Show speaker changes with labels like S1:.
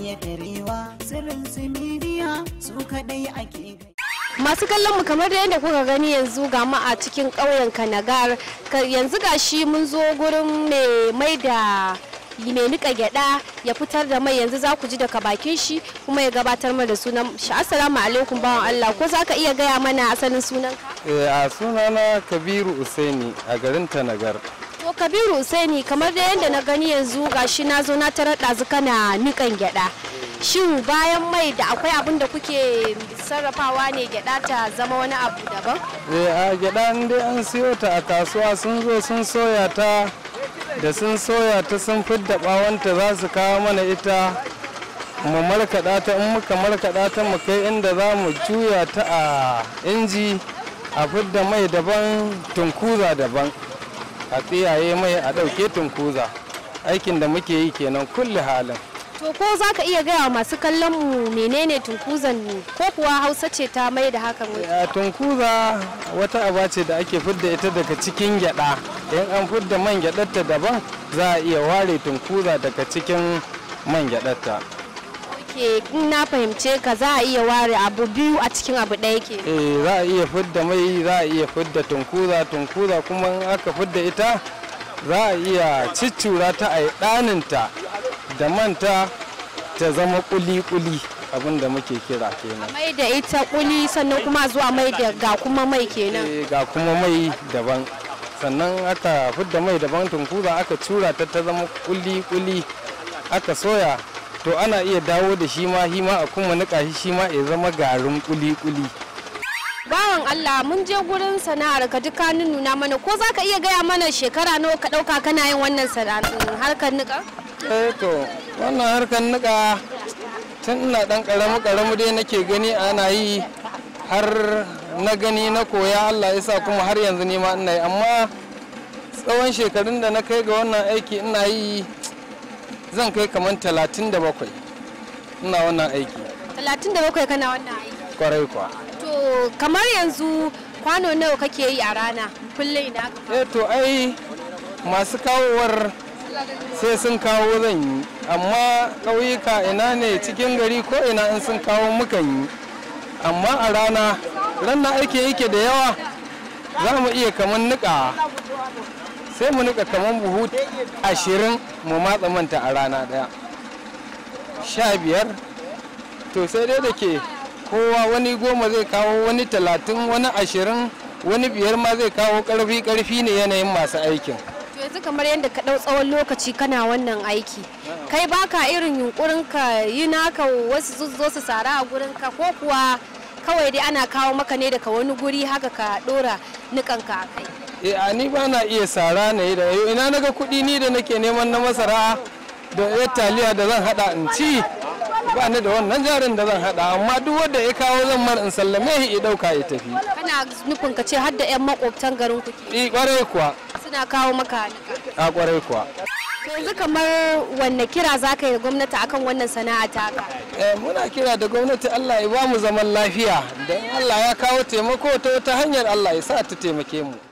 S1: iya karewa sirrin su su kadai ake
S2: masu kallon mu kamar da yadda kuka gani yanzu ga a cikin ƙauyen kanagar yanzu ga shi mun zo gurin mai mai da mai nika gyada ya fitar da mai yanzu za ku ji daga bakin shi kuma ya gabatar mana da sunan shi assalamu alaikum bawan Allah ko za ka iya gaya mana asalin sunan ka
S1: eh, a sunana Kabiru Usaini a garin Tanagar
S2: To Kabiru ni kamar da yadda na gani yanzu gashi na zo na tarar ɗazu na nikan gyaɗa. Shin bayan mai da akwai abin da kuke sarrafawa ne gyaɗa ta zama wani abu daban?
S1: Eh a gyaɗa dai an siyo ta a kasuwa sun zo sun soya ta da sun soya ta sun fidda bawanta za su kawo mana ita mu markaɗa ta in muka markaɗa ta mu kai inda za mu juya ta a inji a fidda mai daban tunkuza daban. a tsiyaye mai a ɗauke tunkuza aikin da muke yi kenan kulle halin
S2: to ko za ka iya gaya masu kallon mu menene tunkuzan ko kuwa hausa ce ta mai da hakan a
S1: eh, tunkuza wata aba ce da ake fidda ita daga cikin gyada in an fidda man gyadarta daban za a iya ware tunkuza daga cikin man gyadarta
S2: ok in na fahimce ka za a iya ware abu biyu a cikin abu ɗaya ke
S1: eh za a iya fidda mai za a iya fidda tunkuza tunkuza kuma in aka fidda ita za a iya ciccura ta a ɗaninta da manta ta zama kuli-kuli abin da muke kira kenan
S2: mai da ita kuli sannan kuma zuwa mai da ga kuma mai kenan eh,
S1: ga kuma mai daban sannan aka fidda mai daban tunkuza aka cura ta ta zama kuli-kuli aka soya to ana iya dawo da shi ma shi ma a kuma niƙa shi shi ma ya zama garin kuli-kuli.
S2: Bawan Allah mun je gurin sana'ar ka duka nuna mana ko za ka iya gaya mana shekara nawa ka ɗauka kana yin wannan eh, harkar niƙa?
S1: Eh to wannan harkar niƙa tun ina ɗan karamu karamu dai nake gani ana yi har na gani na koya Allah ya sa kuma har yanzu ne ma ina yi amma tsawon shekarun da na kai ga wannan aiki ina yi zan kai kamar 37 ina wannan aiki
S2: 37 kana wannan
S1: aiki kwarai kuwa
S2: to kamar yanzu kwano nawa kake yi a rana kullum ina
S1: ka eh to ai masu kawowar sai sun kawo zan yi amma ƙauyuka ina ne cikin gari ko ina in sun kawo mukan yi amma a rana ranar aiki yake da yawa za mu iya kamar niƙa sai mu nika kamar buhu 20 mu matsa manta a rana daya sha to sai dai da ke kowa wani goma zai kawo wani talatin wani ashirin wani biyar ma zai kawo karfi karfi ne yanayin masu aikin
S2: yanzu kamar yadda ka ɗau tsawon lokaci kana wannan aiki kai baka irin yunkurin ka yi naka wasu zuzzo su sara a gurin ka ko kuwa kawai dai ana kawo maka ne daga wani guri haka ka ɗora nikanka a kai
S1: eh a ni ba na iya sara na yi da yau eh, ina naga kuɗi ni da nake neman na masara da ya taliya da zan hada in ci ba ni da wannan jarin da zan hada amma duk wanda ya kawo zan mar in sallame shi ya dauka ya tafi
S2: kana nufin ka ce har da yan makwabtan garin ku
S1: eh kwarai kuwa
S2: suna kawo maka
S1: a kwarai kuwa
S2: yanzu kamar wanne kira za ka yi gwamnati akan wannan sana'a ta
S1: eh, muna kira da gwamnati allah ya ba mu zaman lafiya don allah ya kawo taimako ta wata hanyar allah ya sa ta taimake mu